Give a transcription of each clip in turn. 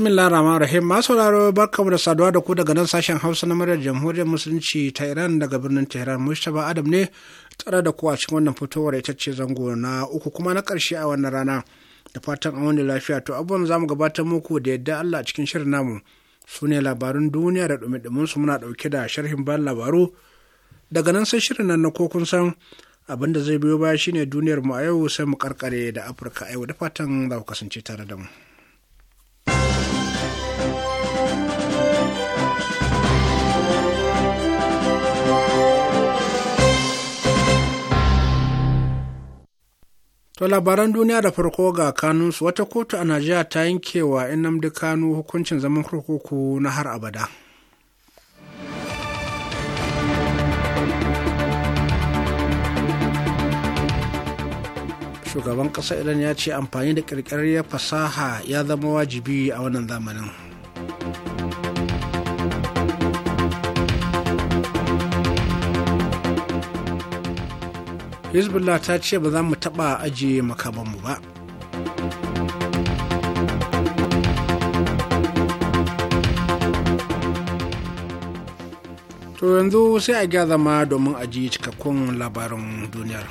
bismillah rahman rahim masu sauraro barkamu da saduwa da ku daga nan sashen hausa na murar jamhuriyar musulunci ta iran daga birnin tehran mustapha adam ne tare da ku a cikin wannan fitowar ita ce zango na uku kuma na karshe a wannan rana da fatan an wani lafiya to abubuwan zamu gabatar muku da yadda allah cikin shirin namu su ne labarun duniya da dumi su muna dauke da sharhin ban labaru daga nan sai shirin nan na ko kun san abin da zai biyo baya shine duniyar mu a yau sai mu karkare da afirka a yau da fatan za ku kasance tare da mu. To labaran duniya da farko ga su wata kotu a Najeriya ta yanke wa Nnamdi Kanu hukuncin zaman kurkuku na har abada. Shugaban ƙasa idan ya ce amfani da ƙirƙirar fasaha ya zama wajibi a wannan zamanin. hezbollah ta ce ba za mu taɓa ajiye makamanmu ba To yanzu sai a gya zama domin a ji cikakkun labarin duniyar.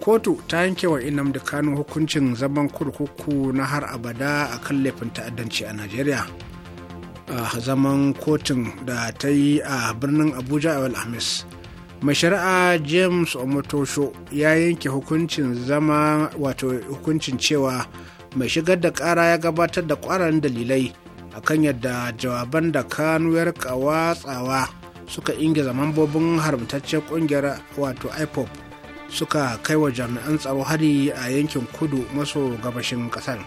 Kotu ta yanke wa Inam da hukuncin zaman kurkuku na har abada a kan laifin ta'addanci a Najeriya. A zaman kotun da ta yi a birnin Abuja a Alhamis mai shari'a james omotosho ya yanke hukuncin zama wato hukuncin cewa mai shigar da kara ya gabatar da kwaran dalilai akan yadda jawaban da kanu ya rika watsawa suka zaman bobin haramtaccen kungiyar wato ipop suka kai wa jami'an tsaro hari a yankin kudu maso gabashin kasar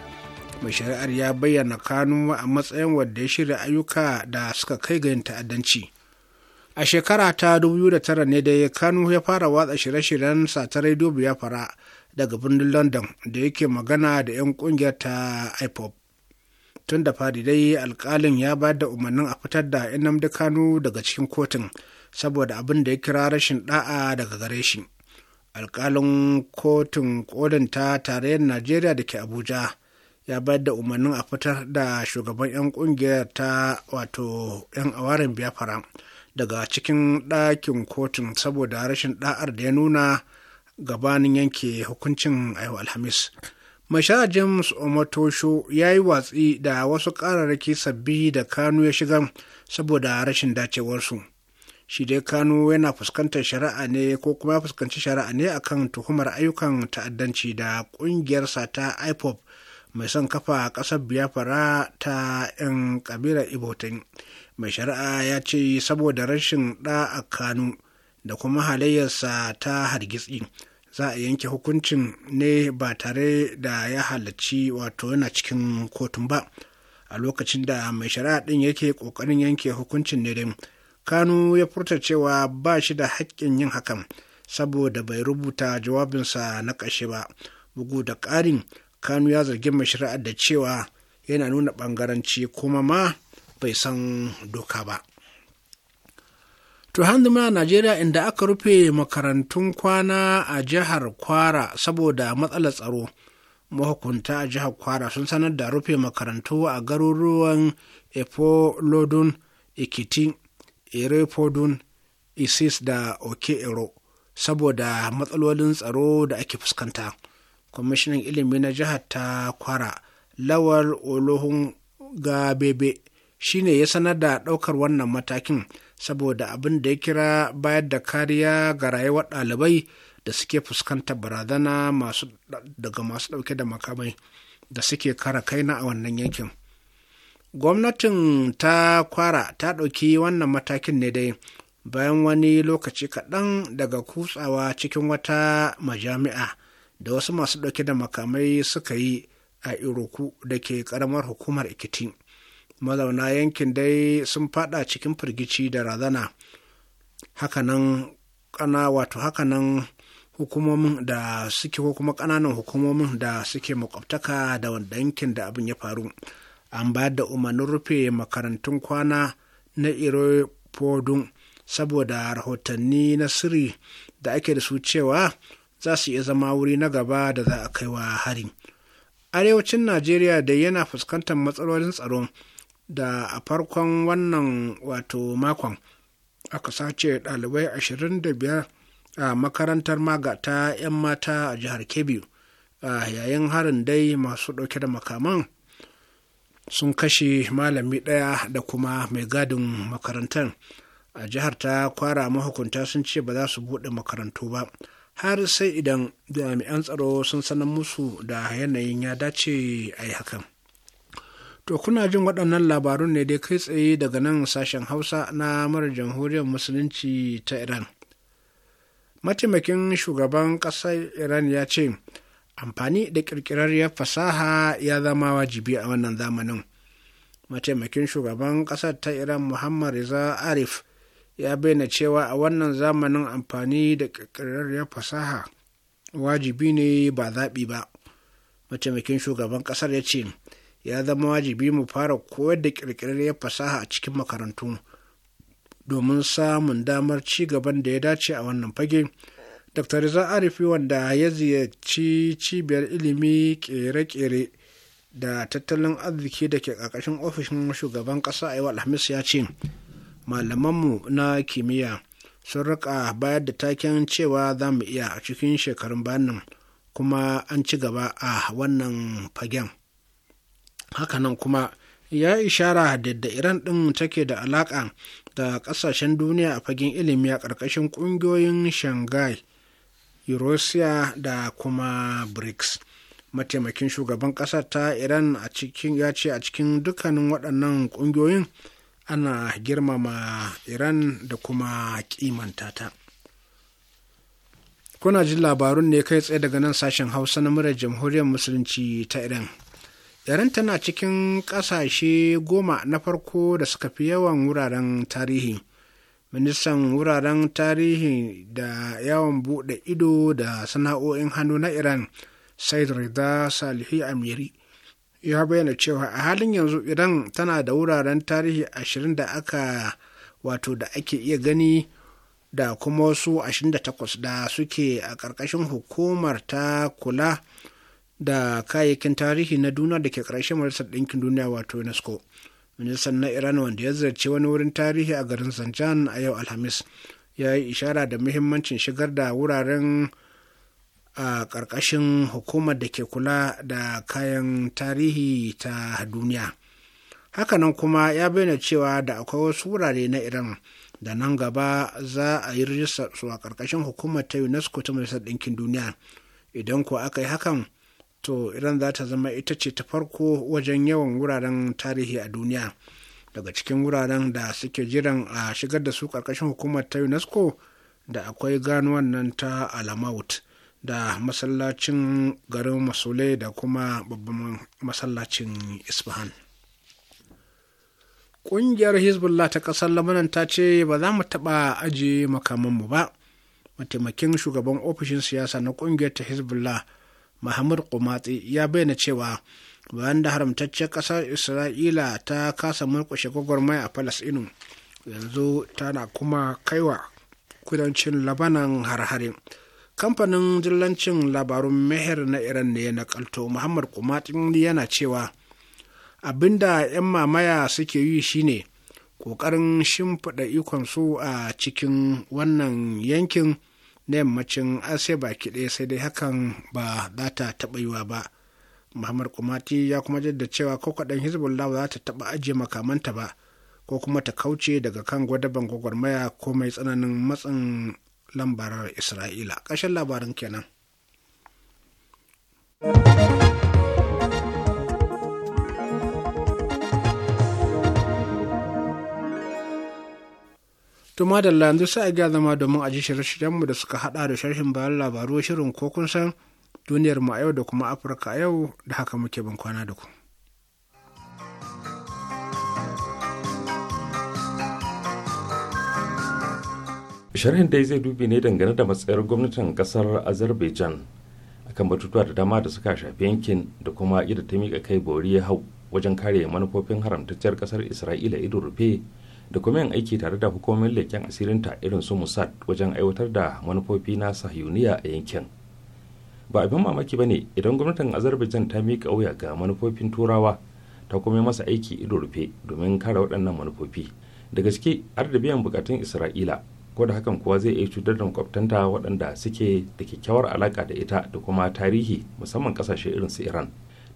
mai shari'ar ya bayyana kanu a matsayin wadda ya shirya ayyuka da suka kai ga yin ta'addanci a shekara ta 2009 ne da kano ya fara watsa shirye-shiryen sa ta rediyo biyafara daga birnin london da yake magana da 'yan kungiyar ta ipop tun da fari dai alkalin ya ba da umarnin a fitar da nnamdi kano daga cikin kotun saboda abin da ya kira rashin da'a daga gare shi alkalin kotun kolin ta tarayyar najeriya da ke abuja ya bayar da umarnin a fitar da shugaban 'yan kungiyar ta wato 'yan awarin biafra daga cikin ɗakin kotun saboda rashin ɗa'ar da ya nuna gabanin yanke hukuncin a alhamis mai shara james omotosho ya yi watsi da wasu ƙararraki sabbi da kano ya shiga saboda rashin dacewarsu shi dai kano yana fuskantar shari'a ne ko kuma ya fuskanci shari'a ne akan tuhumar ayyukan ta'addanci da ƙungiyarsa ta ipop mai son kafa ƙasar biafra ta 'yan ƙabilar ibotin mai shari'a ya ce saboda rashin ɗa a kanu da kuma halayyarsa ta hargitsi za a yanke hukuncin ne ba tare da ya halarci wato yana cikin kotun ba a lokacin da mai shari'a ɗin yake ƙoƙarin yanke hukuncin ne dai kanu ya furta cewa ba shi da haƙƙin yin hakan saboda bai rubuta jawabinsa na ƙashe ba bugu da ƙarin kanu ya zargi mai shari'ar da cewa yana nuna ɓangaranci kuma ma bai san doka ba to hanzu muna najeriya inda aka rufe makarantun kwana a jihar kwara saboda matsalar tsaro mahukunta a jihar kwara sun sanar da rufe makarantu a garuruwan efolodun ikiti erefodun isis da oke ero saboda matsalolin tsaro da ake fuskanta kwamishinan ilimi na jihar ta kwara lawal olohun gabebe shine ya sanar da ɗaukar wannan matakin saboda abin da ya kira bayar da kariya ga rayuwar ɗalibai da suke fuskantar barazana daga masu ɗauke da makamai da suke kara kaina a wannan yankin gwamnatin ta kwara ta ɗauki wannan matakin ne dai bayan wani lokaci kaɗan daga kutsawa cikin wata majami'a da wasu masu ɗauke da makamai suka yi a iroku da ke ƙaramar hukumar ikiti mazauna yankin dai sun faɗa cikin firgici da razana hakanan kana wato hakanan hukumomin da suke ko kuma ƙananan hukumomin da suke makwabtaka da wanda yankin da abin ya faru an ba da umarnin rufe makarantun kwana na irofodun saboda rahotanni na sirri da ake da su cewa za su iya zama wuri na gaba da za a kai wa hari arewacin najeriya da yana fuskantar matsalolin tsaro da a farkon wannan wato makon aka sace ɗalibai 25 a makarantar maga ta 'yan mata a jihar kebbi a yayin harin dai masu ɗauke da makaman sun kashe malami ɗaya da kuma mai gadin makarantar a jihar ta kwara mahukunta sun ce ba za su buɗe makarantu ba har sai idan jami'an tsaro sun sanar musu da yanayin ya dace a yi hakan to kuna jin waɗannan labarun ne dai kai tsaye daga nan sashen hausa na mara jamhuriyar musulunci ta iran mataimakin shugaban ƙasar iran ya ce amfani da ƙirƙirarriyar fasaha ya zama wajibi a wannan zamanin mataimakin shugaban ƙasar ta iran muhammad riza arif ya bayyana cewa a wannan zamanin amfani da ƙirƙirarriyar fasaha wajibi ne ba zaɓi ba mataimakin shugaban ƙasar ya ce ya zama wajibi mu fara koyar da ƙirƙirarriyar fasaha a cikin makarantu domin samun damar ci gaban da ya dace a wannan fage dr riza arifi wanda ya ziyarci cibiyar ilimi ƙere-ƙere da tattalin arziki da ke ƙarƙashin ofishin shugaban ƙasa a yau alhamis ya ce malamanmu na kimiyya sun rika bayar da taken cewa za mu iya a cikin shekarun bayan kuma an ci gaba a wannan fagen hakanan kuma ya ishara da da iran ɗin take da alaƙa da ƙasashen duniya a fagen ilimi a ƙarƙashin ƙungiyoyin shanghai eurasia da kuma brics mataimakin shugaban ƙasa ta iran ya ce a cikin dukkanin waɗannan ƙungiyoyin ana girmama iran da kuma kimanta ta kuna jin labarun ne kai tsaye daga nan sashen hausa na murar jamhuriyar musulunci ta iran iran tana cikin ƙasashe goma na farko da suka fi yawan wuraren tarihi ministan wuraren tarihi da yawon buɗe ido da sana'o'in hannu na iran said rida salihi amiri ya bayyana cewa a halin yanzu iran tana da wuraren tarihi ashirin da aka wato da ake iya gani da kuma wasu ashirin da takwas da suke a ƙarƙashin hukumar ta kula da kayayyakin tarihi na duniya da ke ƙarshen majalisar ɗinkin duniya wato unesco ministan na iran wanda ya ziyarci wani wurin tarihi a garin zanjan a yau alhamis ya yi ishara da muhimmancin shigar da wuraren a ƙarƙashin hukumar da ke kula da kayan tarihi ta duniya hakanan kuma ya bayyana cewa da akwai wasu wurare na iran da nan gaba za a yi rijistar su a ƙarƙashin hukumar ta unesco ta majalisar ɗinkin duniya idan ko aka yi hakan to iran za ta zama ita ce ta farko wajen yawan wuraren tarihi a duniya daga cikin wuraren da suke jiran a shigar da su ƙarƙashin hukumar ta unesco da akwai ganuwan nan ta alamaut da masallacin garin masule da kuma babban masallacin isfahan ƙungiyar hezbollah ta ƙasar lamunan ta ce ba za mu taɓa ajiye makamanmu ba mataimakin shugaban ofishin siyasa na ƙungiyar ta hezbollah mahmud kumatsi ya bayyana cewa bayan da haramtacciyar ƙasar isra'ila ta kasa murƙushe gwagwarmaya a falasɗinu yanzu tana kuma kaiwa kudancin labanan har-hare. kamfanin jillancin labarun meher na iran ne na kalto muhammad kumatin yana cewa abinda 'yan mamaya suke yi shine kokarin shimfiɗa ikonsu a cikin wannan yankin na yammacin asiya baki ɗaya sai dai hakan ba za ta taɓa yiwa ba muhammad kumati ya kuma jaddada cewa ko kaɗan hezbollah ba za ta taɓa ajiye makamanta ba ko kuma ta kauce daga kan gwadaban gwagwarmaya ko mai tsananin matsin lambar isra'ila ƙarshen labarin kenan to madalla yanzu sai a ga zama domin a ji shirye-shiryenmu da suka hada da sharhin bayan labaru shirin ko kun san duniyar mu a yau da kuma afirka a yau da haka muke bin kwana da ku. sharhin dai zai dubi ne dangane da matsayar gwamnatin kasar azerbaijan akan batutuwa da dama da suka shafi yankin da kuma yadda ta mika kai bori ya hau wajen kare manufofin haramtacciyar kasar isra'ila ido rufe da kuma yin aiki tare da hukumomin leken asirinta irin su musad wajen aiwatar da manufofi na sahiyuniya a yankin ba abin mamaki ba ne idan gwamnatin azerbaijan ta mika wuya ga manufofin turawa ta kuma masa aiki ido rufe domin kare waɗannan manufofi da gaske har da biyan bukatun isra'ila ko da hakan kuwa zai iya cutar da makwabtanta waɗanda suke da kyakkyawar alaƙa da ita da kuma tarihi musamman ƙasashe irin su iran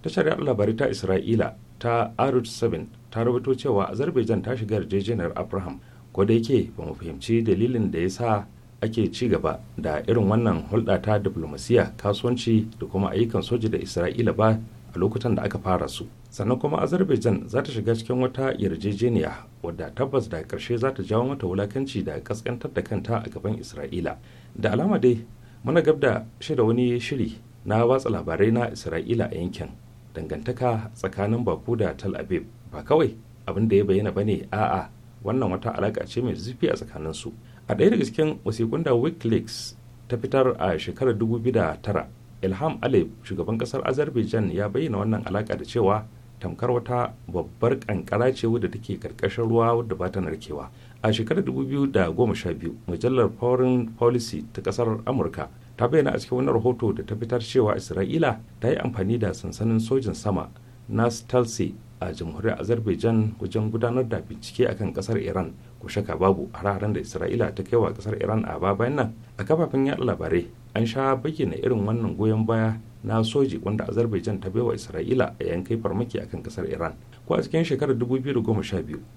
tashar yaɗa labarai ta isra'ila ta arut 7 ta rubuto cewa azerbaijan ta shiga yarjejeniyar abraham ko da yake ba mu fahimci dalilin da ya sa ake ci gaba da irin wannan hulɗa ta diplomasiya kasuwanci da kuma ayyukan soja da isra'ila ba a lokutan da aka fara su sannan kuma azerbaijan za ta shiga cikin wata yarjejeniya wadda tabbas da karshe za ta jawo mata wulakanci da kaskantar da kanta a gaban isra'ila da alama dai muna gab da shida wani shiri na watsa labarai na isra'ila a yankin dangantaka tsakanin baku da tal aviv ba kawai abin da ya bayyana bane a'a wannan wata alaka ce mai zufi a tsakanin su a ɗaya daga cikin wasikun da wikileaks ta fitar a shekarar 2009 ilham alep shugaban kasar azerbaijan ya bayyana wannan alaka da cewa tamkar wata babbar kankara ce wadda take karkashin ruwa wadda ba ta narkewa a shekarar 2012 mujallar foreign policy ta kasar amurka ta bayyana a cikin wani rahoto da ta fitar cewa isra'ila ta yi amfani da sansanin sojin sama na stalse a jamhuriyar azerbaijan wajen gudanar da bincike akan kasar iran ku shaka babu hararen da isra'ila ta kai wa kasar iran a bayan nan a kafafen yada labarai an sha bayyana irin wannan goyon baya na soji wanda azerbaijan ta baiwa isra'ila a yankai farmaki akan kasar iran ko a cikin shekarar 2012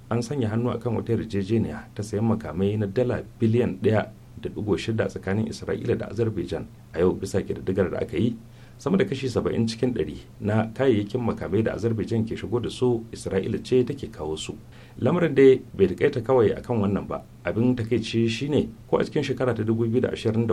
an sanya hannu akan wata yarjejeniya ta sayan makamai na dala biliyan da shida tsakanin isra'ila da azerbaijan a yau bisa ƙididdigar da aka yi sama da kashi 70 cikin 100 na kayayyakin makamai da azerbaijan ke shigo da su isra'ila ce take kawo su lamarin dai bai takaita kawai akan wannan ba abin takaici shine ko a cikin shekara ta 2024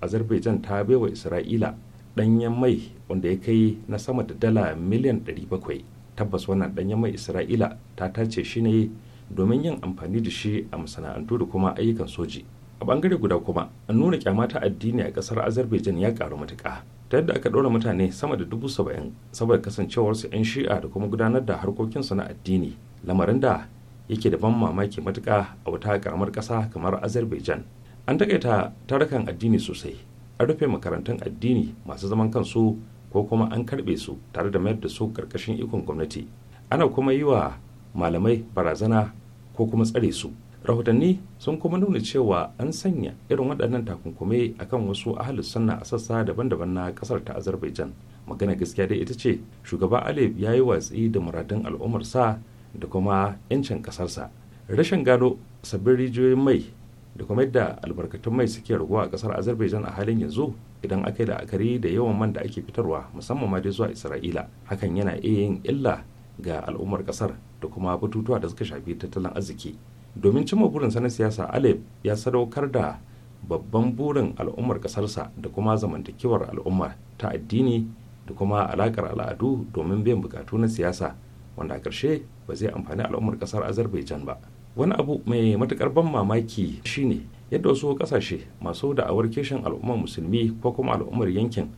azerbaijan ta baiwa isra'ila danyen mai wanda ya kai na sama da dala miliyan 700 tabbas wannan danyen mai isra'ila ta tace shi ne domin yin amfani da shi a masana'antu da kuma ayyukan soji a bangare guda kuma an nuna kyamata addini a kasar azerbaijan ya karu matuƙa ta yadda aka ɗora mutane sama da dubu saba'in saboda kasancewarsu 'yan shi'a da kuma gudanar da harkokinsu na addini lamarin da yake da ban mamaki matuka a wata karamar ƙasa kamar azerbaijan an takaita tarukan addini sosai an rufe makarantun addini masu zaman kansu ko kuma an karɓe su tare da mayar da su ƙarƙashin ikon gwamnati ana kuma yi wa malamai barazana ko kuma tsare su rahotanni sun kuma nuna cewa an sanya irin waɗannan takunkumai kan wasu ahalus sunna a sassa daban-daban na ƙasar ta azerbaijan magana gaskiya dai ita ce shugaba alif ya yi watsi da muradin al'ummarsa da kuma 'yancin ƙasarsa rashin gano sabbin rijiyoyin mai da kuma yadda albarkatun mai suke raguwa a ƙasar azerbaijan a halin yanzu idan aka yi la'akari da yawan man da ake fitarwa musamman ma dai zuwa isra'ila hakan yana iya yin illa ga al'ummar ƙasar da kuma batutuwa da suka shafi tattalin arziki domin cimma burinsa na siyasa alep ya sadaukar da babban burin al'ummar ƙasarsa da kuma zamantakewar al'umma ta addini da kuma alaƙar al'adu domin biyan bukatu na siyasa wanda a ƙarshe ba zai amfani al'ummar ƙasar azerbaijan ba wani abu mai matuƙar ban mamaki shine yadda wasu ƙasashe masu da'awar kishin al'ummar musulmi ko kuma al'ummar yankin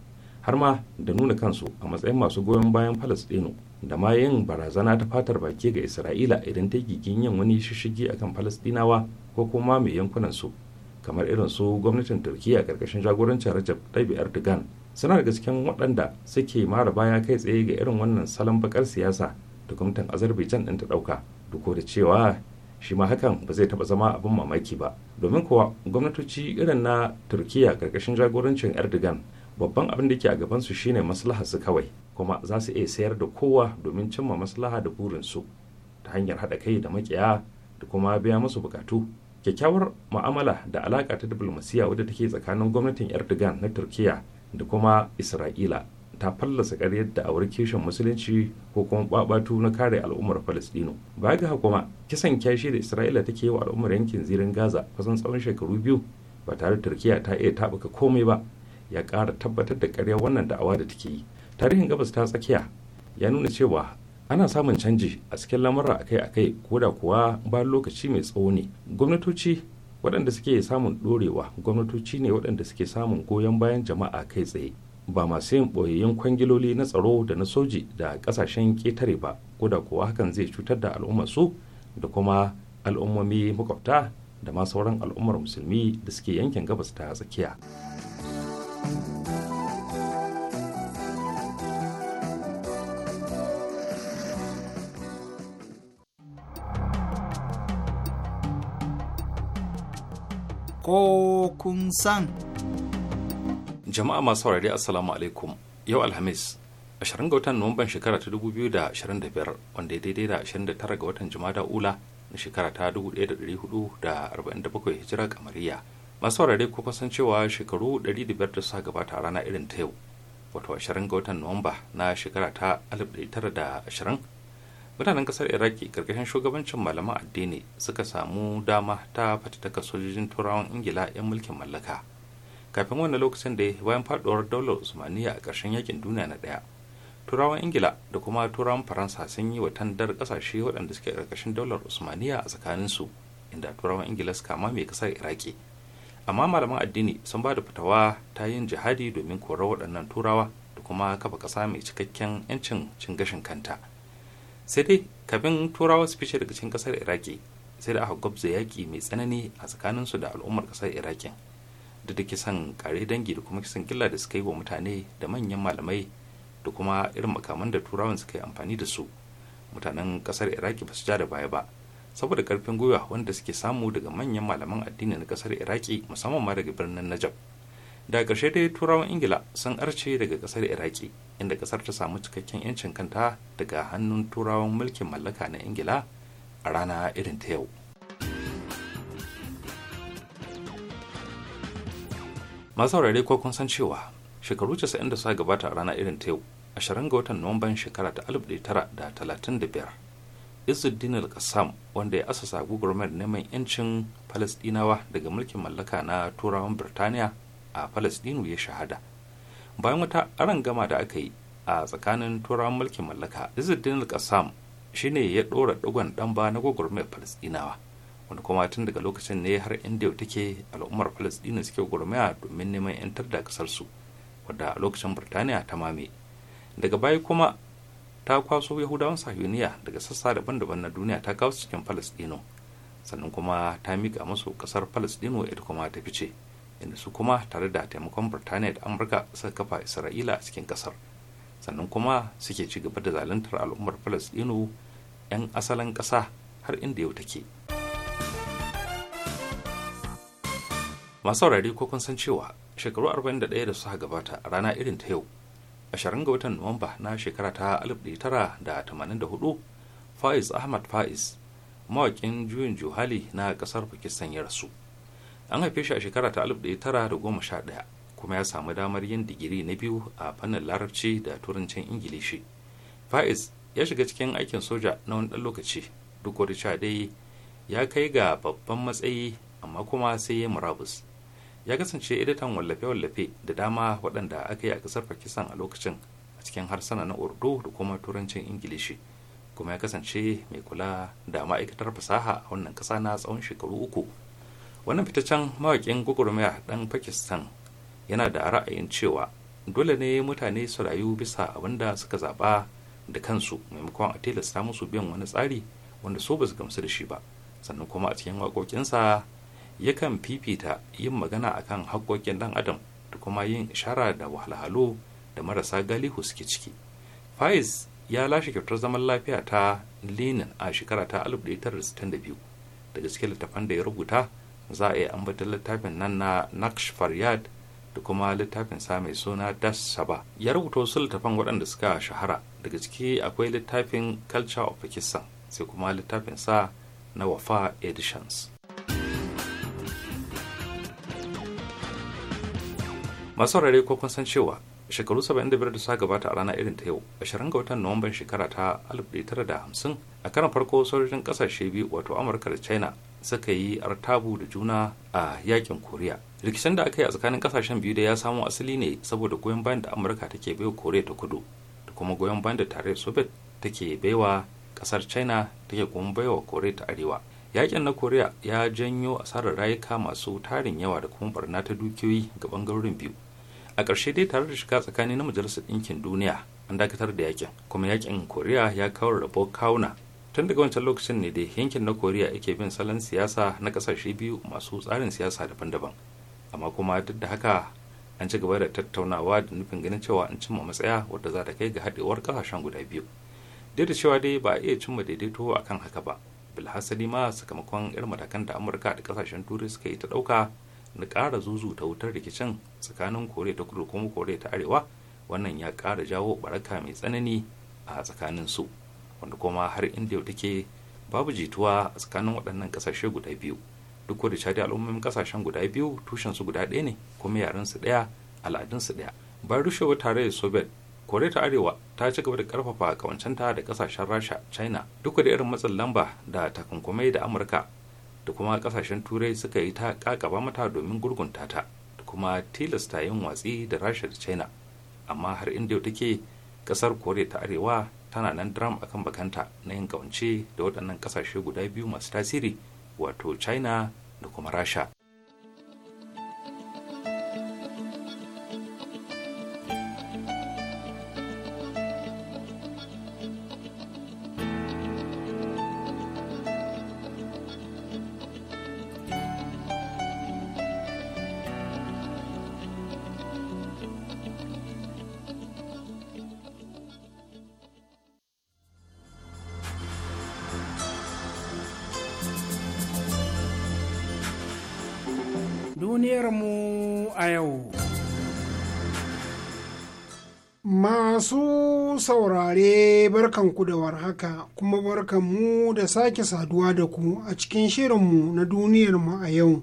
har ma da nuna kansu a matsayin masu goyon bayan falastinu da ma yin barazana ta fatar baki ga isra'ila idan ta gigin yin wani shishigi akan falastinawa ko kuma mai yankunan su kamar irin su gwamnatin turkiya karkashin jagorancin rajab ɗabi erdogan suna da cikin waɗanda suke mara baya kai tsaye ga irin wannan salon bakar siyasa da gwamnatin azerbaijan din ta ɗauka duk da cewa shi ma hakan ba zai taɓa zama abin mamaki ba domin kuwa gwamnatoci irin na turkiya karkashin jagorancin erdogan babban abin da ke a gabansu shine maslahar su kawai kuma za su iya sayar da kowa domin cimma maslaha da burinsu ta hanyar haɗa kai da makiya da kuma biya musu bukatu kyakkyawar ma'amala da alaƙa ta diplomasiya wadda take tsakanin gwamnatin erdogan na turkiya da kuma isra'ila ta fallasa ƙaryar da awar kishin musulunci ko kuma babatu na kare al'ummar falastino ba ga kuma kisan kyashi da isra'ila take yi wa al'ummar yankin zirin gaza kusan tsawon shekaru biyu ba tare da turkiya ta iya taɓuka komai ba ya ƙara tabbatar da karyar wannan da'awa da take yi tarihin gabas ta tsakiya ya nuna cewa ana samun canji a cikin lamarra akai-akai ko da kuwa ba lokaci mai tsawo ne gwamnatoci waɗanda suke samun ɗorewa gwamnatoci ne waɗanda suke samun goyon bayan jama'a kai tsaye ba masu yin ɓoyayyun kwangiloli na tsaro da na soji da ƙasashen ƙetare ba ko da kuwa hakan zai cutar da al'ummarsu su da kuma al'ummomi makwabta da ma sauran al'ummar musulmi da suke yankin gabas ta tsakiya. thank you ko kun san. Jama'a masu saurari Assalamu alaikum yau Alhamis 20 ga watan Nuwamban shekara ta 2025 wanda ya daidai da 29 ga watan Jumada Ula na shekara ta 1447 hijira kamariya. Masu saurari ko kusan cewa shekaru 500 da suka gabata a rana irin ta yau wato 20 ga watan Nuwamba na shekara ta 1920 mutanen kasar iraki karkashin shugabancin malaman addini suka samu dama ta fatattaka sojojin turawan ingila 'yan mulkin mallaka kafin wannan lokacin da ya bayan faduwar daular usmaniya a ƙarshen yakin duniya na ɗaya turawan ingila da kuma turawan faransa sun yi wa tandar ƙasashe waɗanda suke ƙarƙashin daular usmaniya a su inda turawan ingila suka mamaye kasar iraki amma malaman addini sun ba da fitawa ta yin jihadi domin korar waɗannan turawa da kuma kafa ƙasa mai cikakken 'yancin cin gashin kanta sai dai kafin turawa su fice daga cikin kasar iraki sai da aka gwabza yaƙi mai tsanani a tsakanin su da al'ummar kasar iraki da da kisan kare dangi da kuma kisan gilla da suka yi wa mutane da manyan malamai da kuma irin makaman da turawan suka yi amfani da su mutanen kasar iraki ba su ja da baya ba saboda karfin gwiwa wanda suke samu daga manyan malaman addini na kasar iraki musamman ma daga birnin najab da ƙarshe dai turawan ingila sun arce daga ƙasar iraki inda ƙasar ta samu cikakken 'yancin kanta daga hannun turawan mulkin mallaka na ingila a rana irin ta yau masu saurare ko kun san cewa shekaru 90 da suka gabata a rana irin ta yau ashirin ga watan nuwamban shekara ta da talatin biyar Izzuddin al-Qassam wanda ya asasa gugurmar neman 'yancin Falasɗinawa daga mulkin mallaka na Turawan Birtaniya a falasdinu ya shahada bayan wata gama da aka yi a tsakanin turawan mulkin mallaka izzuddin al-qassam shine ya dora digon dan ba na gwagwarmayar falasdinawa wani kuma tun daga lokacin ne har inda yau take al'ummar falastinu suke gwagwarmaya domin neman yantar da kasar su wadda a lokacin birtaniya ta mame daga baya kuma ta kwaso yahudawan sahiyoniya daga sassa daban-daban na duniya ta kawo cikin falasdino sannan kuma ta miƙa masu kasar falastinu ita kuma ta fice inda su kuma tare da taimakon birtaniya da amurka suka kafa isra'ila a cikin kasar sannan kuma suke ci gaba da zaluntar al'ummar palestino 'yan asalin ƙasa har inda yau take masu saurari ko kun san cewa shekaru 41 da suka gabata a rana irin ta yau 20 ga watan nuwamba na shekara ta 1984 faiz ahmad faiz mawakin juyin juhali na kasar pakistan ya rasu an haife shi a shekara ta alif da goma sha ɗaya kuma ya samu damar yin digiri na biyu a fannin larabci da turancin ingilishi faiz ya shiga cikin aikin soja na wani ɗan lokaci duk wani sha daya ya kai ga babban matsayi amma kuma sai ya murabus ya kasance editan wallafe-wallafe da dama waɗanda aka yi a kasar pakistan a lokacin a cikin harsana na urdu da kuma turancin ingilishi kuma ya kasance mai kula da ma'aikatar fasaha a wannan ƙasa na tsawon shekaru uku wannan fitaccen mawaƙin gwagwarmaya ɗan pakistan yana da ra'ayin cewa dole ne mutane su rayu bisa abin da suka zaɓa da kansu maimakon a tilasta musu biyan wani tsari wanda su ba su gamsu da shi ba sannan kuma a cikin waƙoƙinsa yakan fifita yin magana akan haƙoƙin ɗan adam da kuma yin ishara da wahalhalu da marasa galihu suke ciki faiz ya lashe kyautar zaman lafiya ta linin a shekara ta 1962 daga cikin littafan da ya rubuta za a iya ambatan littafin nan na naksh faryad da kuma littafin sa mai suna das saba ya rubuta wasu littafan waɗanda suka shahara daga ciki akwai littafin culture of pakistan sai kuma littafin sa na wafa editions masu rarrai ko kun san cewa shekaru 75 da suka gabata a rana irin ta yau 20 ga watan nuwamban shekara ta 1950 a karan farko sojojin kasashe biyu wato amurka da china suka yi artabu da juna a yakin koriya rikicin da aka yi a tsakanin kasashen biyu da ya samo asali ne saboda goyon bayan da amurka take baiwa koriya ta kudu da kuma goyon bayan da tarayyar soviet take baiwa kasar china take kuma baiwa koriya ta arewa yakin na koriya ya janyo asarar rayuka masu tarin yawa da kuma barna ta dukiyoyi ga bangarorin biyu a ƙarshe dai tare da shiga tsakani na majalisar ɗinkin duniya an dakatar da yakin kuma yakin koriya ya kawar rabo kawuna tun daga wancan lokacin ne da yankin na koriya ake bin salon siyasa na kasashe biyu masu tsarin siyasa daban-daban amma kuma duk da haka an ci gaba da tattaunawa da nufin ganin cewa an cimma matsaya wadda za ta kai ga haɗewar kasashen guda biyu duk da cewa dai ba a iya cimma daidaito a kan haka ba bilhassali ma sakamakon irin matakan da amurka da kasashen turai suka yi ta ɗauka na ƙara zuzu ta wutar rikicin tsakanin koriya ta kudu kuma koriya ta arewa wannan ya ƙara jawo baraka mai tsanani a tsakanin su. wanda kuma har inda yau take babu jituwa a tsakanin waɗannan ƙasashe guda biyu duk da cadi al'ummomin ƙasashen guda biyu tushensu guda ɗaya ne kuma yaren su ɗaya al'adunsu ɗaya bayan rushewar tarayyar soviet koriya ta arewa ta ci gaba da karfafa kawancenta da kasashen rasha china duk da irin matsin lamba da takunkumai da amurka da kuma kasashen turai suka yi ta kakaba mata domin gurgunta ta da kuma tilasta yin watsi da rasha da china amma har inda yau take kasar koriya ta arewa tana nan dram akan bakanta na yin kawance da waɗannan ƙasashe guda biyu masu tasiri wato china da kuma rasha barkanku da warhaka kuma mu da sake saduwa da ku a cikin shirinmu na duniyarmu a yau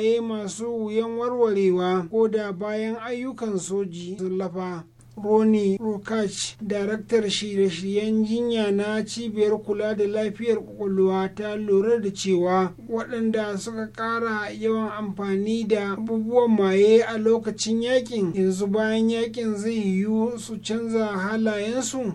halaye masu wuyan warwarewa ko da bayan ayyukan soji sun lafa Roni Rukach, daraktar shirye-shiryen jinya na cibiyar kula da lafiyar kwakwalwa ta lura da cewa waɗanda suka ƙara yawan amfani da abubuwan maye a lokacin yakin yanzu bayan yakin zai yiwu su canza halayensu.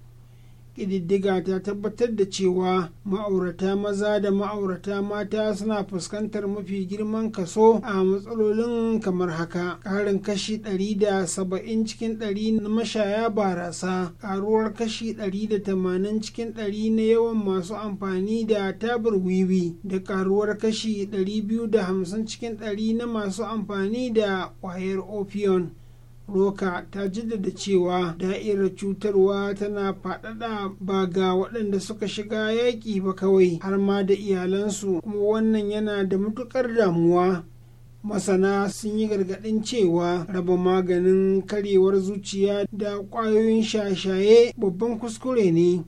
ƙididdiga ta tabbatar da cewa ma'aurata maza da ma'aurata mata suna fuskantar mafi girman kaso a matsalolin kamar haka ƙarin kashi 170 cikin 100 na mashaya barasa ƙaruwar kashi 180 cikin 100 na yawan masu amfani da tabar wiwi da ƙaruwar kashi 250 cikin 100 na masu amfani da ƙwayar opion roka ta jaddada cewa da'irar cutarwa tana faɗaɗa ba ga waɗanda suka shiga yaƙi ba kawai har ma da iyalansu kuma wannan yana da matuƙar damuwa masana sun yi gargaɗin cewa raba maganin karyewar zuciya da ƙwayoyin shashaye babban kuskure ne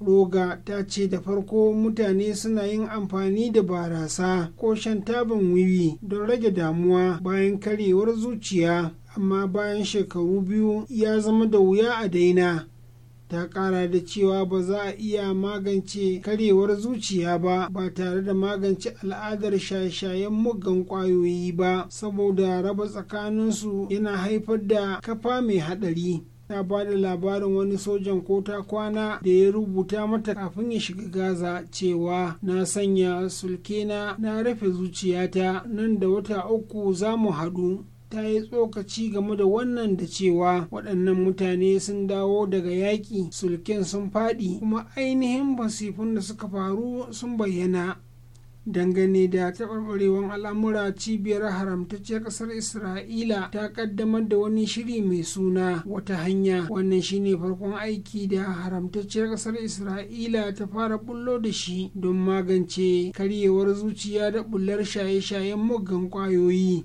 roga ta ce da farko mutane suna yin amfani da barasa ko shan tabin wiwi don rage damuwa bayan karyewar zuciya amma bayan shekaru biyu ya zama da wuya a daina ta kara da cewa ba za a iya magance karewar zuciya ba ba tare da magance al'adar shaye-shayen muggan kwayoyi ba saboda raba tsakaninsu yana haifar da kafa mai haɗari ta ba da labarin wani sojan kota kwana da ya rubuta mata kafin ya shiga gaza cewa na sanya sulkena na rufe zuciyata nan da wata uku za mu haɗu ta yi tsokaci game da wannan da cewa waɗannan mutane sun dawo daga yaƙi sulken sun faɗi kuma ainihin basifun da suka faru sun bayyana dangane da taɓarɓarewar al'amura cibiyar haramtacciyar ƙasar isra'ila ta ƙaddamar da wani shiri mai suna wata hanya wannan shine farkon aiki da haramtacciyar ƙasar isra'ila ta fara bullo da shi don magance karyewar zuciya da bullar shaye-shayen muggan ƙwayoyi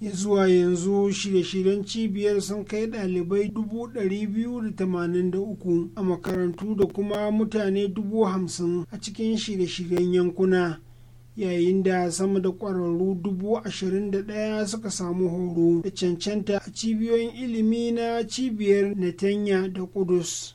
zuwa yanzu shirye-shiryen cibiyar sun kai dalibai 283 a makarantu da kuma mutane 50,000 a cikin shirye-shiryen yankuna yayin da sama da ƙwararru 21,000 suka samu horo da cancanta a cibiyoyin ilimi na cibiyar netanya da kudus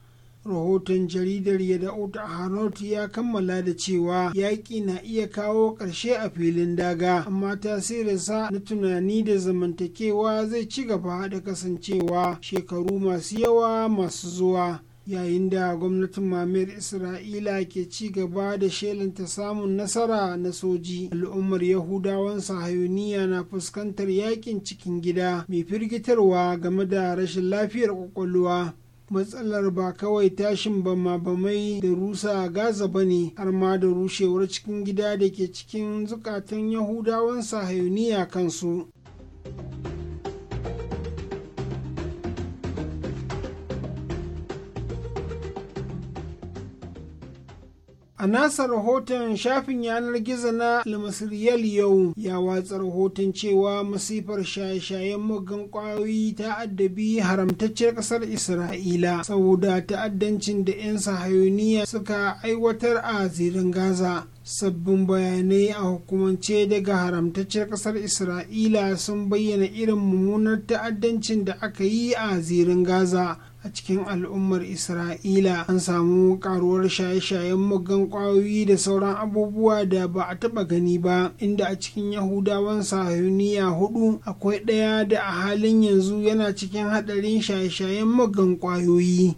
rahoton jaridar ya yadda'ut hanot ya kammala da cewa yaƙi na iya kawo ƙarshe a filin daga amma tasirinsa na tunani da zamantakewa zai ci gaba da kasancewa shekaru masu yawa masu zuwa yayin da gwamnatin mamayar isra'ila ke ci gaba da shelanta samun nasara na soji al'ummar yahudawan sahayuniya na fuskantar yakin cikin gida mai firgitarwa game da rashin lafiyar kwakwalwa matsalar ba kawai tashin bama-bamai da rusa a gaza ba ne har ma da rushewar cikin gida da ke cikin zukatan yahudawan sahayuniya kansu a nasa rahoton shafin yanar gizo na almasiriyal yau ya watsa rahoton cewa masifar shaye-shayen muggan kwayoyi ta addabi haramtacciyar ƙasar isra'ila saboda ta'addancin da 'yan sahayoniya suka aiwatar a zirin gaza sabbin bayanai a hukumance daga haramtacciyar ƙasar isra'ila sun bayyana irin mummunar ta'addancin da aka yi a zirin gaza a cikin al'ummar isra'ila an samu karuwar shaye-shayen muggan kwayoyi da sauran abubuwa da ba a taba gani ba inda a cikin yahudawan sahuniya hudu akwai ɗaya da a halin yanzu yana cikin haɗarin shaye-shayen muggan kwayoyi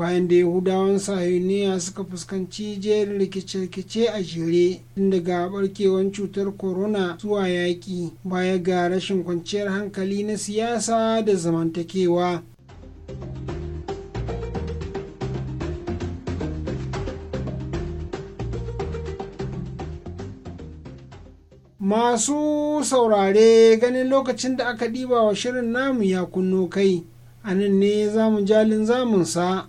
bayan da yahudawan sahiniya suka fuskanci jerin rikice-rikice a jere tun daga barkewan cutar corona zuwa yaƙi baya ga rashin kwanciyar hankali na siyasa da zamantakewa masu saurare ganin lokacin da aka ɗiba wa shirin namu ya kunno kai a nan ne zamu jalin zamunsa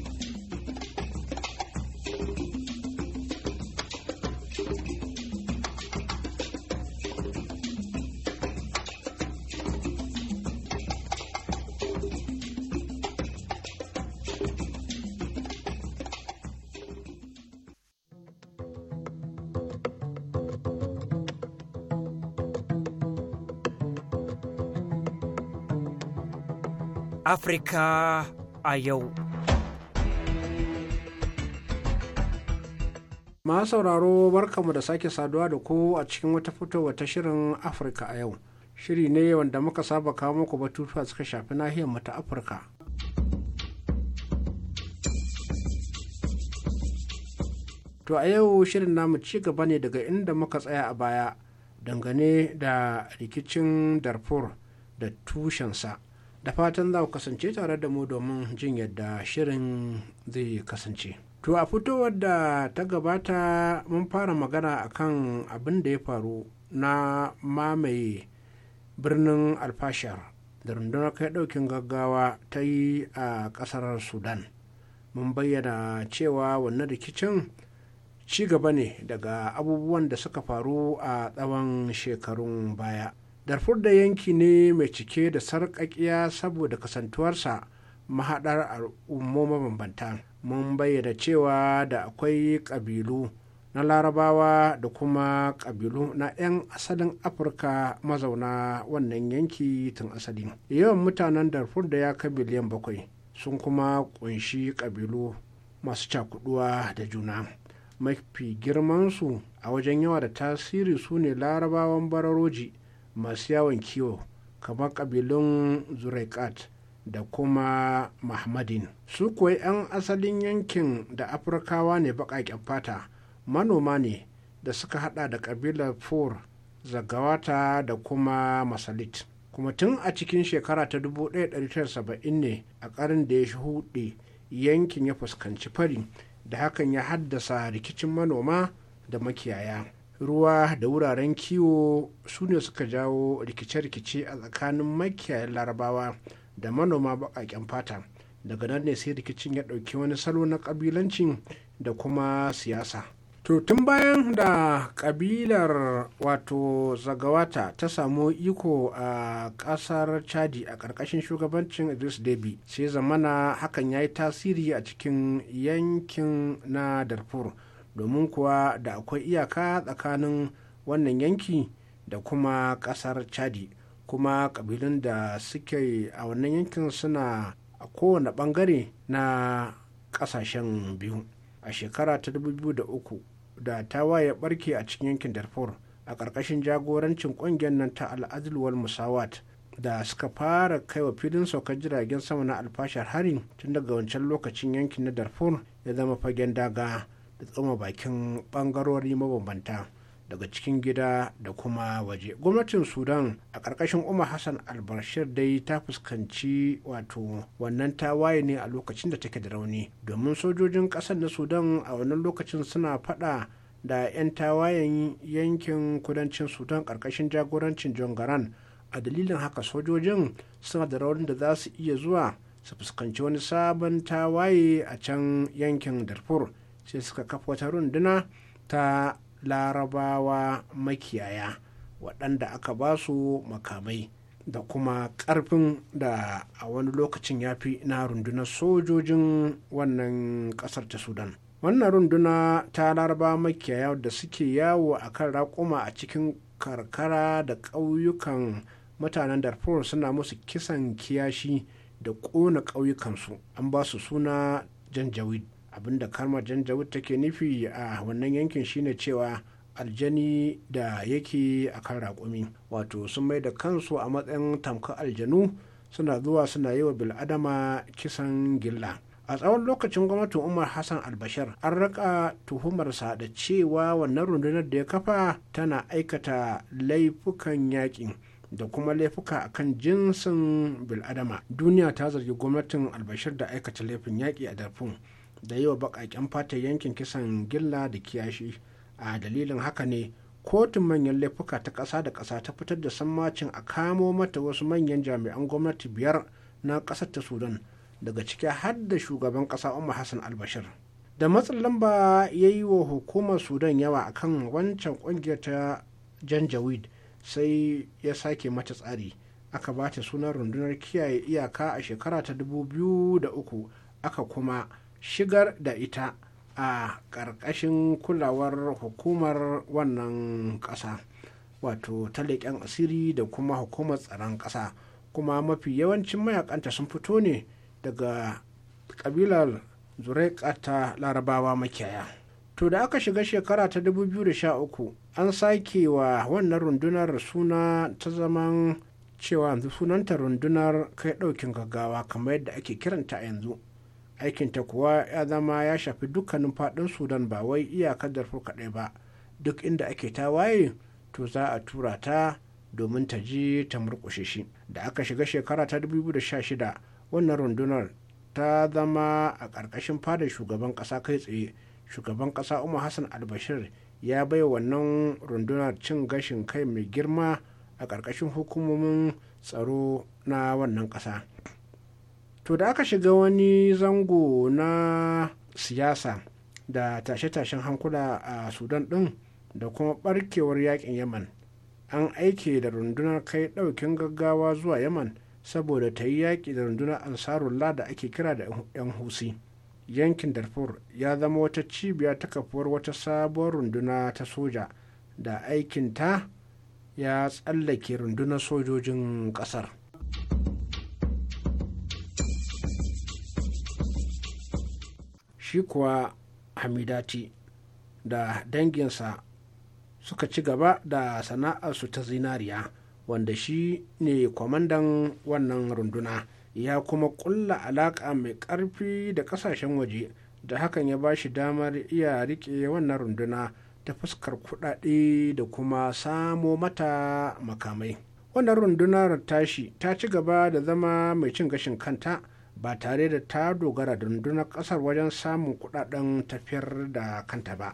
Afirka a yau. Ma sauraro barkamu da sake saduwa da ku a cikin wata fitowa ta shirin Afirka a yau. Shiri ne wanda muka saba kawo muku batutuwa suka shafi nahiyar mu ta Afirka. To a yau shirin namu ci gaba ne daga inda muka tsaya a baya dangane da rikicin Darfur da tushensa. da fatan za ku kasance tare da mu domin jin yadda shirin zai kasance to a fitowar da ta gabata mun fara magana akan abin da ya faru na mamaye birnin alfashar da rundunar kai daukin gaggawa ta yi a kasar sudan mun bayyana cewa wannan rikicin ci gaba ne daga abubuwan da suka faru a tsawon shekarun baya darfur da yanki ne mai cike da sarƙaƙiya saboda kasantuwarsa mahaɗar al'ummo mabambanta mun bayyana cewa da akwai ƙabilu na larabawa da kuma ƙabilu na 'yan asalin afirka mazauna wannan yanki tun asali yawan mutanen darfur da ya kai biliyan bakwai sun kuma ƙunshi ƙabilu masu cakuduwa da juna mafi girmansu a wajen yawa da tasiri su ne larabawan bararoji masu yawon kiwo kamar ƙabilun zurekat da kuma mahmadin su kuwa 'yan asalin yankin da afirkawa ne baƙaƙen fata manoma ne da suka hada da kabilar fur zagawata da kuma masalit kuma tun a cikin shekara ta 1970 ne a ƙarin da ya shuɗe yankin ya fuskanci fari da hakan ya haddasa rikicin manoma da makiyaya ruwa da wuraren kiwo su ne suka jawo rikice-rikice a tsakanin makiyayan larabawa da manoma baƙaƙen fata daga nan ne sai rikicin ya ɗauki wani salo na ƙabilancin da kuma siyasa to tun bayan da ƙabilar wato zagawata ta samu iko a ƙasar chadi a ƙarƙashin shugabancin idris debi sai zamana hakan ya yi tasiri a cikin yankin na darfur domin kuwa da akwai iyaka tsakanin wannan yanki da kuma ƙasar chadi kuma kabilun da suke a wannan yankin suna a kowane bangare na ƙasashen biyu a shekara ta 2003 da ta ya barke a cikin yankin darfur a ƙarƙashin jagorancin ƙungiyar nan ta al'adulwar musawat da suka fara kai wa filin saukar jiragen sama na alfashar harin tun daga wancan lokacin yankin na darfur ya zama fagen daga da tsoma bakin bangarori mabambanta daga cikin gida da kuma waje gwamnatin sudan a ƙarƙashin umar hassan albashir dai ta fuskanci wato wannan tawaye ne a lokacin da take da rauni domin sojojin ƙasar na sudan a wannan lokacin suna faɗa da 'yan tawayen yankin kudancin sudan ƙarƙashin jagorancin john garan a dalilin haka sojojin suna da raunin da za su iya zuwa su fuskanci wani sabon tawaye a can yankin darfur sai suka kafa wata runduna ta larabawa makiyaya waɗanda aka ba su makamai da kuma ƙarfin da a wani lokacin ya fi na rundunar sojojin wannan ƙasar ta sudan wannan runduna ta laraba makiyaya da suke yawo a kan raƙuma a cikin karkara da ƙauyukan mutanen darfur suna musu kisan kiyashi da ƙona ƙauyukansu an ba su suna janjawid abinda karma janjawud take nufi a wannan yankin shine cewa aljani da yake a kan raƙumi wato sun mai da kansu a matsayin tamkar aljanu suna zuwa suna yi wa bil'adama kisan gilla a tsawon lokacin gwamnatin umar hassan albashir an raka tuhumarsa da cewa wannan rundunar da ya kafa tana aikata laifukan yaƙi da kuma laifuka a kan jinsin bil'adama duniya ta zargi gwamnatin albashar da aikata laifin yaƙi a darfur da yi wa baƙaƙen fata yankin kisan gilla da kiyashi a dalilin haka ne kotun manyan laifuka ta ƙasa da ƙasa ta fitar da sammacin a kamo mata wasu manyan jami'an gwamnati biyar na ƙasar ta sudan daga ciki har da shugaban ƙasa umar hassan albashir da matsin lamba ya yi wa hukumar sudan yawa akan wancan ƙungiyar ta janjaweed sai ya sake mata tsari aka ba ta sunan rundunar kiyaye iyaka a shekara ta dubu biyu da uku aka kuma shigar da ita a ƙarƙashin kulawar hukumar wannan ƙasa wato ta leƙen asiri da kuma hukumar tsaron ƙasa kuma mafi yawancin mayakanta sun fito ne daga ƙabilar zuraika ta larabawa makiyaya to da aka shiga shekara ta 2013 an sake wa wannan rundunar suna ta zaman cewa yanzu sunanta rundunar kai ɗaukin gaggawa kamar yadda ake kiranta a yanzu aikinta kuwa ya zama ya shafi dukkanin faɗin sudan ba wai iyakar darfur kaɗai ba duk inda ake ta waye to za a tura ta domin ta ji ta murƙushe shi da aka shiga shekara ta 2016 wannan rundunar ta zama a ƙarƙashin fadar shugaban ƙasa kai tsaye shugaban ƙasa umar hassan albashir ya bai wannan rundunar cin gashin kai mai girma a ƙarƙashin hukumomin tsaro na wannan ƙasa to da aka shiga wani zango na siyasa da tashe-tashen hankula a sudan din da kuma barkewar yakin yaman an aike da rundunar kai daukin gaggawa zuwa yaman saboda ta yi yaƙi da rundunar ansarulla da ake kira da 'yan husi yankin darfur ya zama wata cibiya ta kafuwar wata sabuwar runduna ta soja da aikinta ya tsallake rundunar sojojin ƙasar shi kuwa hamidati da danginsa suka ci gaba da sana'arsu ta zinariya wanda shi ne kwamandan wannan runduna ya kuma kulla alaƙa mai ƙarfi da ƙasashen waje da hakan ya ba shi damar iya riƙe wannan runduna ta fuskar kuɗaɗe da kuma samo mata makamai wannan rundunar tashi ta ci gaba da zama mai cin gashin kanta ba tare da ta dogara da rundunar kasar wajen samun kudaden tafiyar da kanta ba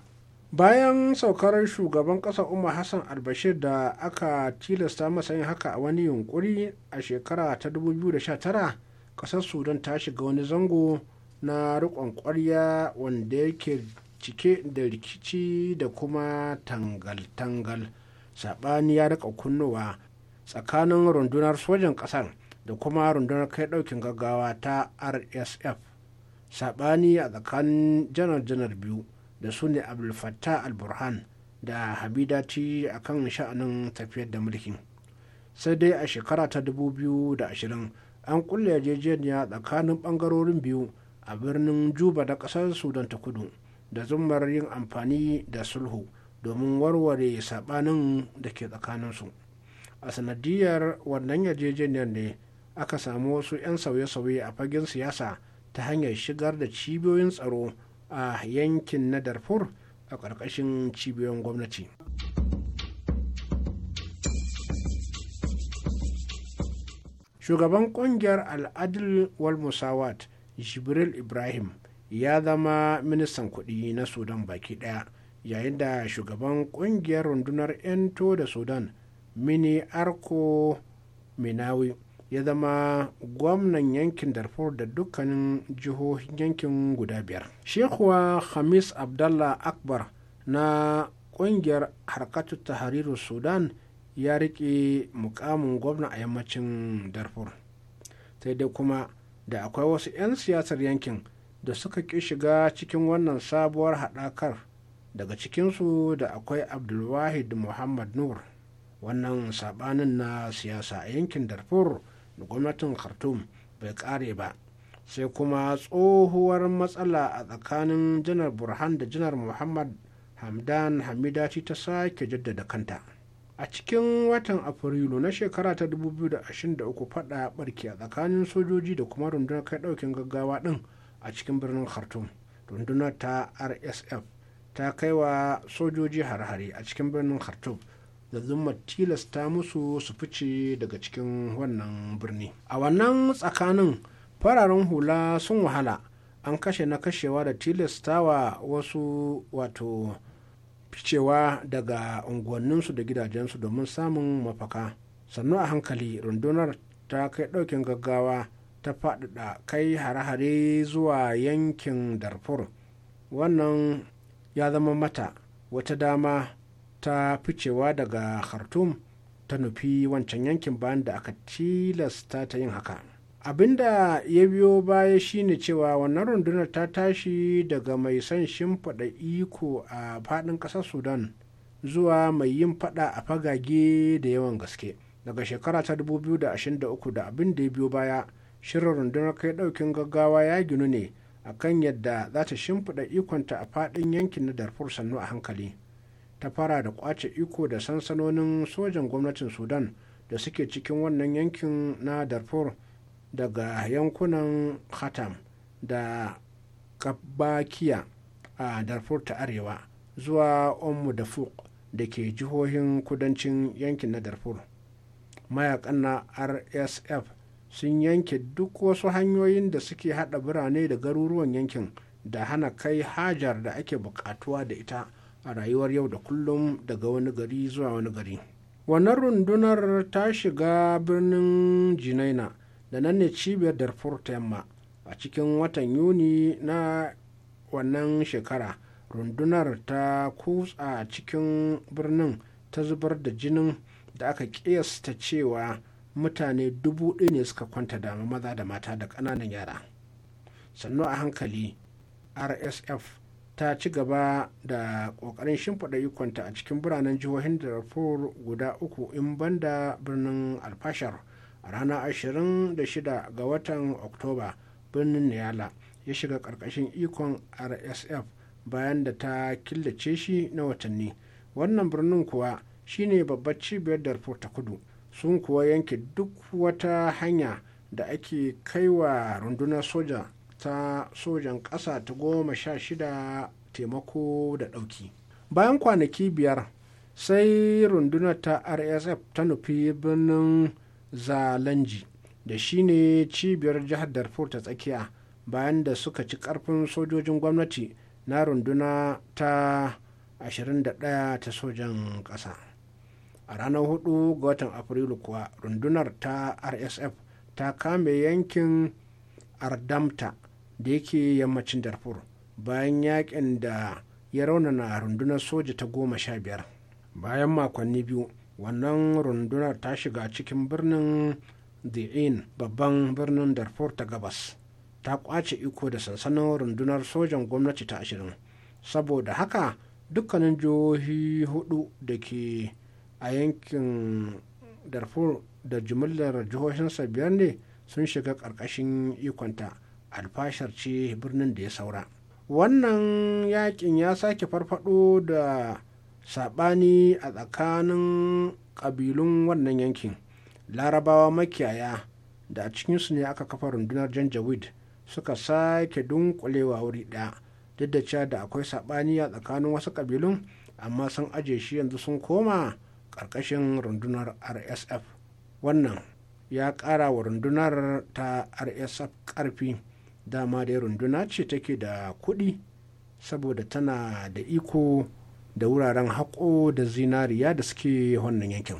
bayan saukar shugaban kasa umar hassan albashir da aka tilasta masa yin haka a wani yunkuri a shekara ta 2019 kasar sudan ta shiga wani zango na rikon kwarya wanda yake cike da rikici da kuma tangal-tangal sabani ya rika kunnuwa tsakanin rundunar sojan kasar da kuma rundunar kai daukin gaggawa ta rsf sabani a tsakanin janar-janar biyu da su ne abdulfattah al-burhan da habidati a kan sha'anin tafiyar da mulkin sai dai a shekara ta 2020 an kulle yarjejeniya tsakanin bangarorin biyu a birnin juba da kasar sudan ta kudu da zumar yin amfani da sulhu domin warware sabanin da ke tsakaninsu a sanadiyar wannan yarjejeniyar ne aka samu wasu 'yan sauye-sauye a fagen siyasa ta hanyar shigar da cibiyoyin tsaro a yankin na darfur a ƙarƙashin cibiyoyin gwamnati shugaban ƙungiyar al'adil wal musawat jibril ibrahim ya zama ministan kuɗi na sudan baki ɗaya yayin da shugaban ƙungiyar rundunar 'yanto da sudan mini arko minawi ya zama gwamnan yankin darfur da dukkanin jihohin yankin guda biyar shekuwa hamis abdallah akbar na kungiyar harkatu tahariru sudan ya riƙe mukamin gwamna a yammacin darfur sai dai kuma da akwai wasu 'yan siyasar yankin da suka ƙi shiga cikin wannan sabuwar haɗakar daga cikinsu da akwai abdulwahid muhammad nur wannan sabanin na siyasa a yankin darfur da gwamnatin khartoum bai kare ba sai kuma tsohuwar matsala a tsakanin janar burhan da janar muhammad hamdan hamidaci ta sake jaddada kanta a cikin watan afrilu na shekara ta 2023 fada barki a tsakanin sojoji da kuma rundunar kai daukin gaggawa din a cikin birnin khartoum rundunar ta rsf ta kai wa sojoji har hari a cikin birnin khartoum da zuma tilasta musu su fice daga cikin wannan birni a wannan tsakanin fararen hula sun wahala an kashe na kashewa da tilastawa wasu wato ficewa daga unguwanninsu da gidajensu domin samun mafaka sannu a hankali rundunar ta kai ɗaukin gaggawa ta faɗaɗa kai hare-hare zuwa yankin darfur wannan ya zama mata wata dama ta ficewa daga khartoum ta nufi wancan yankin bayan da aka tilasta ta yin haka abinda ya biyo baya shine cewa wannan rundunar ta tashi daga mai son shimfiɗa iko a faɗin ƙasar sudan zuwa mai yin faɗa a fagage da yawan gaske daga shekara ta 2023 da abin da ya biyo baya shirin rundunar kai ɗaukin gaggawa ya ginu ne akan yadda za ta shimfiɗa ikonta a faɗin yankin na darfur sannu a hankali ta fara da kwace iko da sansanonin sojan gwamnatin sudan da suke cikin wannan yankin na darfur daga yankunan khatam da kabakiya a darfur ta arewa zuwa omu da fuk da ke jihohin kudancin yankin na darfur mayakan na rsf sun yanke duk wasu hanyoyin da suke hada birane da garuruwan yankin da hana kai hajar da ake bukatuwa da ita a rayuwar yau da kullum daga wani gari zuwa wani gari wannan rundunar ta shiga birnin jinaina da nan ne cibiyar darfur ta yamma a cikin watan yuni na wannan shekara rundunar ta kutsa cikin birnin ta zubar da jinin da aka kiyasta cewa mutane dubu ɗaya ne suka kwanta dama maza da mata da ƙananan yara sannu a hankali rsf ta ci gaba da kokarin shimfiɗa ikonta a cikin biranen jihohin darfur guda uku in banda birnin alfashar a ranar 26 ga watan oktoba birnin niyala ya shiga ƙarƙashin ikon rsf bayan da ta killace shi na watanni wannan birnin kuwa shine babbar cibiyar darfur ta kudu sun kuwa yanke duk wata hanya da ake kaiwa rundunar soja ta sojan ƙasa ta goma sha shida taimako da ɗauki bayan kwanaki biyar sai rundunar ta rsf ta nufi birnin zalanji da shine cibiyar jihar darfur ta tsakiya bayan da suka ci ƙarfin sojojin gwamnati na runduna ta 21 ta sojan ƙasa a ranar 4 ga watan afrilu kuwa rundunar ta rsf ta kame yankin ardamta da yake yammacin darfur bayan yakin da ya raunana rundunar soja ta goma sha biyar bayan makonni biyu wannan rundunar ta shiga cikin birnin di'in babban birnin darfur ta gabas ta kwace iko da sansanin rundunar sojan gwamnati ta ashirin saboda haka dukkanin jihohi hudu da ke a yankin darfur da jimillar jihohinsa biyar ne sun shiga ƙarƙashin ikonta alfashar ce birnin da ya saura wannan yakin ya sake farfado da sabani a tsakanin kabilun wannan yankin larabawa makiyaya da a cikinsu ne aka kafa rundunar janjawid suka sake dunkulewa wuri ɗaya duk da cewa da akwai sabani a tsakanin wasu kabilun amma sun aje shi yanzu sun koma ƙarƙashin rundunar rsf wannan ya ƙara wa rundunar ta rsf ƙarfi dama dai runduna ce take da kuɗi saboda tana da iko da wuraren haƙo da zinariya da suke wannan yankin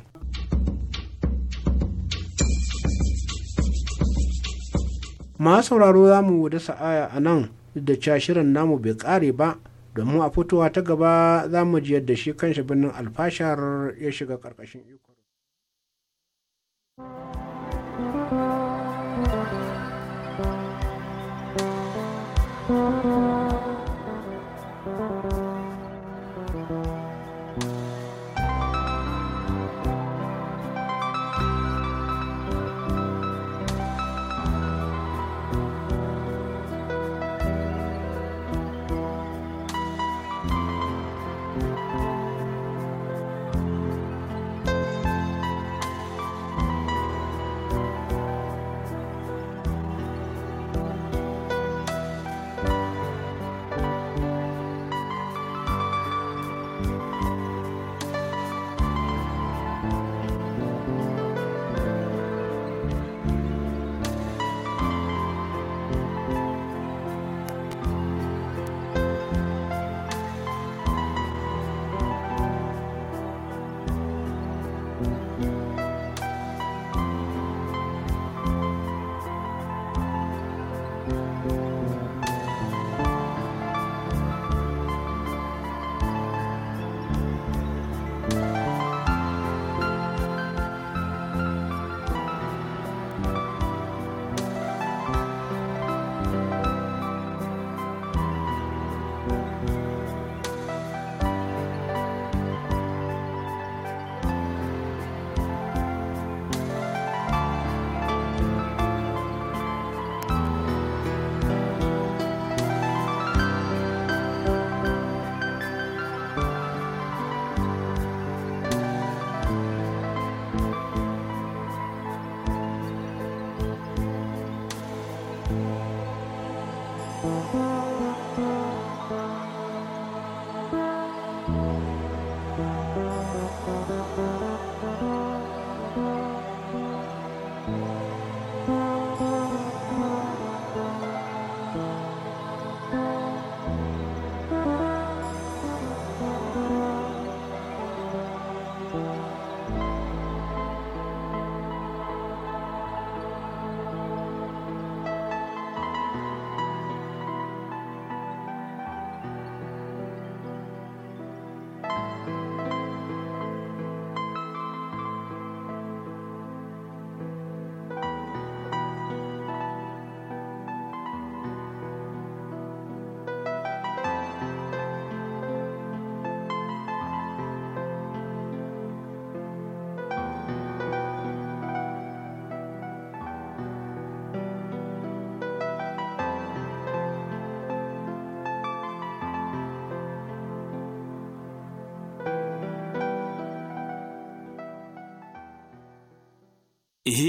ma sauraro za mu da sa'aya a nan da cashirin namu bai ƙare ba domin a fitowa ta gaba za mu ji yadda shi kanshi birnin alfashar ya shiga ƙarƙashin iko.